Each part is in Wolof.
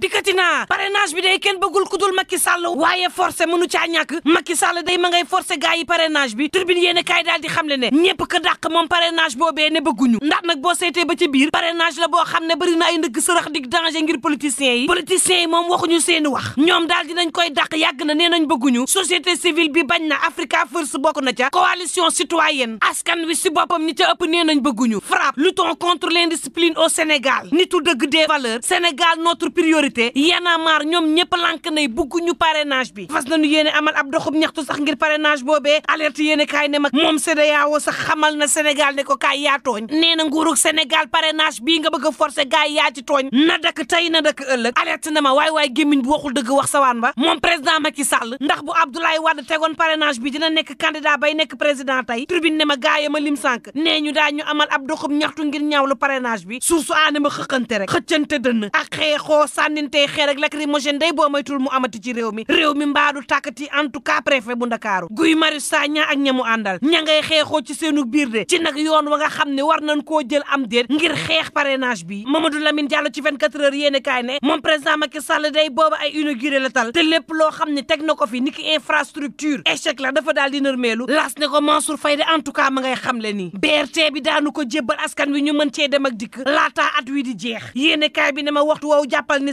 dikkati naa parrainage bi day kenn bëggul ku dul Macky Sall waaye forcé mënu caa ñàkk Macky Sall day ma ngay forcé gars yi parrainage bi tribune yéen kaay daal di xamle ne ñépp ko dàq moom parrainage boobee ne bëgguñu ndax nag boo seetee ba ci biir parrainage la boo xam ne bëri na ay ndëgg sërax dig danger ngir politiciens yi politiciens yi moom waxuñu seeni wax ñoom daal dinañ koy dàq yàgg na nee nañ bëgguñu société civile bi bañ na Africa First bokk na ca coalition citoyenne askan wi si boppam ñi ca ëpp nee nañ bëgguñu FRAPP luttons contre l'indiscipline au Sénégal nitu dëgg des valeurs Sénégal notre priorité priorité yanamar ñoom ñëpp lank nay bugg ñu parrainage bi fas nañu yéene amal ab doxub ñaxtu sax ngir parrainage boobee alerte yéene kaay ne mag moom CEDEAO sax xamal na Sénégal ne ko kaay yaa tooñ nee na nguurug Sénégal parrainage bii nga bëgg a forcé gars tooñ na dakk tey na dakk ëllëg alerte na ma waay waay gémmiñ bu waxul dëgg wax sawaan ba moom président Macky Sall ndax bu Abdoulaye Wade tegoon parrainage bi dina nekk candidat bay nekk président tey tribune ne ma gaaya ma lim sànk ñu daa ñu amal ab doxub ñaxtu ngir ñaawlu parrainage bi suuf su aane ma xëqante rek xëccante dënn ak xeexoo sànnintey xeer ak lacrymogène day boo maytul mu amati ci réew mi réew mi mbaadu tàkkati en tout cas préfet bu ndakaaru Guy Marius Sagna ak ñamu àndal ña xeexoo ci seenu biir de ci nag yoon wa nga xam ne war nañ koo jël am déet ngir xeex parrainage bi Mamadou Lamine Diallo ci 24 heures yéene kaay ne moom président Macky Sall day booba ay inauguré la tal te lépp loo xam ne teg na ko fi niki infrastructure échec la dafa daal di nërmeelu las ne ko Mansour Faye de ma ngay xam le nii BRT bi daanu ko jébbal askan wi ñu mën cee dem ak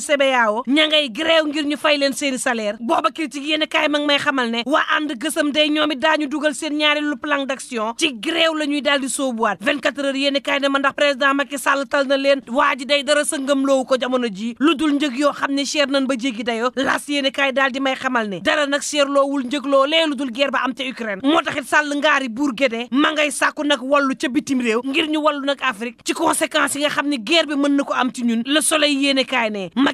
CBAO ña ngay gréew ngir ñu fay leen seeni salaire booba critique yéen kaay ma ngi may xamal ne waa ànd gësam day ñoom daa daañu dugal seen ñaareelu plan d'action ci gréew la ñuy daal di soobuwaat 24 heures yéen kaay ne ma ndax président Macky Sall tal na leen waa ji day dara sëngam loowu ko jamono ji lu dul njëg yoo xam ne cher nañ ba jéggi dayoo las yéen kaay daal di may xamal ne dara nag cher loowul njëg loo lee lu dul guerre ba am ca Ukraine moo taxit Sall ngaari buur gédee ma ngay nag wallu ca bitim réew ngir ñu wallu nag Afrique ci conséquences yi nga xam ne guerre bi mën na ko am ci ñun le soleil yéen kaay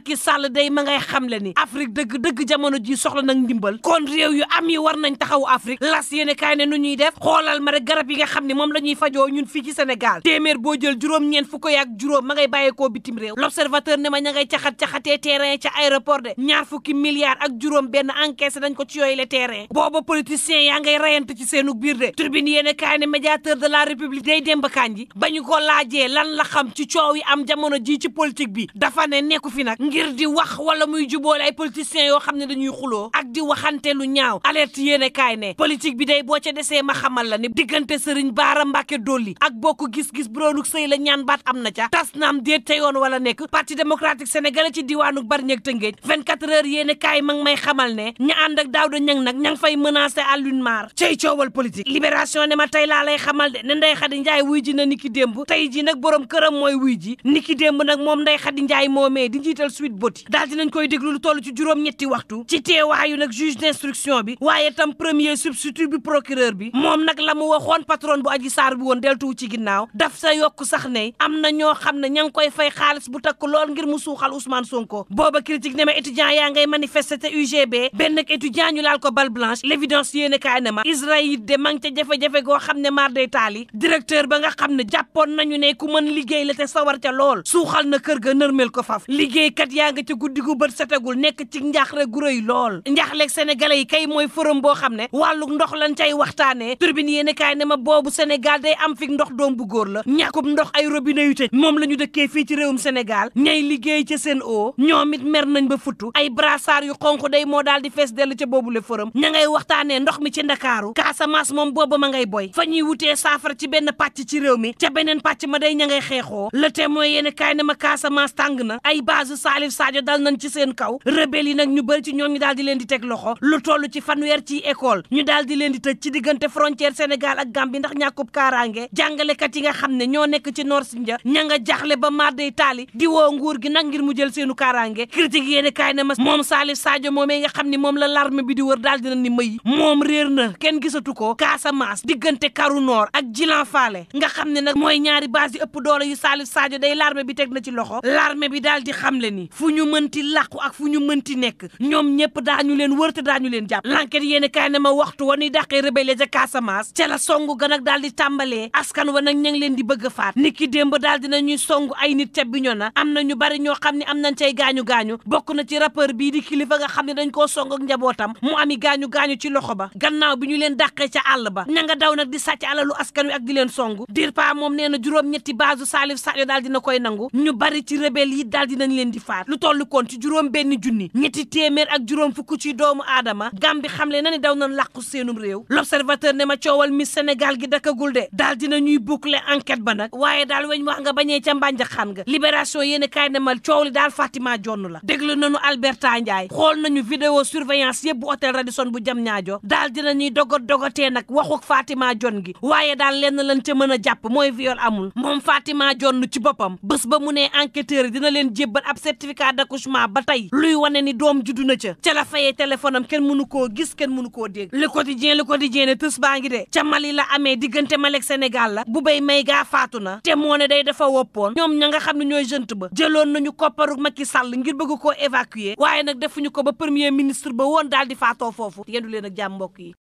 Macky Sall day ma ngay xamle ni Afrique dëgg dëgg jamono ji soxla nag ndimbal kon réew yu am yi war nañ taxaw Afrique las yéene kaay ne nu ñuy def xoolal ma garab yi nga xam ne moom la ñuy fajoo ñun fii ci Sénégal téeméer boo jël juróom-ñeent fukk ak juróom ma ngay bàyyeekoo bitim réew l'observateur ne ma ña ngay caxat caxatee terrain ca aéroport de ñaar fukki milliards ak juróom benn encaissé dañ ko ci yooyu le terrain booba politiciens yaa ngay rayante ci seenu biir de tribune yéene kaay ne médiateur de la république day Demba Kandji ba ñu ko laajee lan la xam ci coow yi am jamono ji ci politique bi ngir di wax wala muy jubol ay politiciens yo xamne dañuy xulo ak di waxante lu ñaaw alerte yene kay ne politique bi day bo ca desee ma xamal la ni digënté sëriñ baara mbacké doli ak boku gis-gis bronuk sey la ñaan baat amna ca tas nam déet te yoon wala nek parti démocratique sénégalais ci diwanu barñek tëngéej 24 heures yene kay ma may xamal ne ña and ak daaw da ñang nag ñang fay menacer à lune maar cey ciowal politique libération ne ma tay la lay xamal de ne nday xadi ndjay wuy ji na niki demb tay ji nak borom kërëm moy wuy ji niki demb nak mom nday xadi ndjay momé di njiital suite boti daal dinañ koy déglu lu toll ci juróom-ñetti waxtu ci teewaayu nag juge d'instruction bi waaye tam premier substitut bi procureur bi moom nag la mu waxoon patron bu aji saar bi woon deltuwu ci ginnaaw daf sa yokk sax ne am na ñoo xam ne ña ngi koy fay xaalis bu takk lool ngir mu suuxal Ousmane Sonko booba critique ne ma étudiant yaa ngay manifester g UGB benn étudiant ñu laal ko bal blanche l'évidence yéene kaay ne ma Israël de ma ngi ca jafe-jafe goo xam ne maar day taali directeur ba nga xam ne jàppoon nañu ne ku mën liggéey la te sawar ca lool suuxal na kër ga nërmel yaa nga ca guddi gu bët setagul nekk ci njaaxle gu yi lool njaaxleeg sénégalais yi kay mooy forum boo xam ne wàllu ndox lañ cay waxtaanee turbine yéen kaay ne ma boobu sénégal day am fi ndox doom bu góor la ñàkkum ndox ay robine yu tëj moom la ñu dëkkee fii ci réewum sénégal ñay liggéey ca seen o ñoom it mer nañ ba futtu ay brassard yu xonq day moo daal di fees dell ca boobu le forum ña ngay waxtaanee ndox mi ci ndakaaru Casamance moom booba ma ngay boy fa ñuy wutee saafara ci benn pàcc ci réew mi ca beneen pàcc ma day ña ngay xeexoo le témoin yéen kaay ne ma Casamance tàng na ay base Salif Sadio dal nañ ci seen kaw rebelle nag ñu bëri ci ñoom ñu daal di leen di teg loxo lu toll ci fanweer ci école ñu daal di leen di tëj ci diggante frontière Sénégal ak Gambie ndax ñàkkub kaaraange jàngalekat yi nga xam ne ñoo nekk ci Nord Sindia ña nga jaxle ba madday taali di woo nguur gi nag ngir mu jël seenu kaaraange critique yéene kaay na ma moom Salif Sadio moomee nga xam ni moom la larme bi di wër daal dina ni may moom réer na kenn gisatu ko Casamance diggante Karu Nord ak Djilan Fale nga xam nag mooy ñaari base yi ëpp doole yu Salif Sadio day larme bi teg na ci loxo larme nii fu ñu mënti làqu ak fu ñu mënti nekk ñoom ñëpp daañu leen wër te daañu leen jàpp l'enquête yéen kaay ne ma waxtu wa nuy dàqee rebelle ca Casamance ca la song ga daal di tàmbalee askan wa nag ña ngi leen di bëgg a faat niki démb daal dina ñuy song ay nit ca Bignona am na ñu bari ñoo xam ne am nañ cay gaañu-gaañu bokk na ci rappeur bii di kilifa nga xam ne dañ koo song ak njabootam mu ami gaañu-gaañu ci loxo ba gannaaw bi ñu leen dàqee ca àll ba ña nga daw nag di sàcc alalu askan wi ak di leen song dir moom nee na juróom-ñetti baasu Salif Sadio daal dina koy nangu ñu bari ci rebelle yi daal dinañ leen di faat faat lu tollu koon ci juróom benn junni ñetti téeméer ak juróom fukk ci doomu aadama Gambie xamle na ni daw nañ làqu seenum réew l'observateur ne ma coowal mi Sénégal gi dakagul de daal dina ñuy boucler enquête ba nag waaye daal weñ wax nga bañee ca mbànjaxaan nga libération yéeni kaay ne mal coow li daal Fatima jonn la déglu nañu Alberta Ndiaye xool nañu vidéo surveillance yëpp bu hôtel Radisson bu jam ñaajo daal dina ñuy dogot dogotee nag waxuk Fatima jonn gi waaye daal lenn la ca mën a jàpp mooy viol amul moom Fatima jonn ci boppam bés ba mu ne enquêteur dina leen jébbal ab certificat d'accouchement ba tey luy wane ni doom juddu na ca ca la fayee téléphone kenn mënu ko gis kenn mënu koo dégg le quotidien le quotidien ne tës baa ngi de ca Mali la amee diggante malek ak Sénégal la bu bay may ga faatu na te moo ne day dafa woppoon ñoom ña nga xam ne ñooy jënt ba jëloon nañu kopparu Macky Sall ngir bëgg koo évacuer waaye nag defuñu ko ba premier ministre ba woon dal di faatoo foofu yéen leen ak jàmm mbokk yi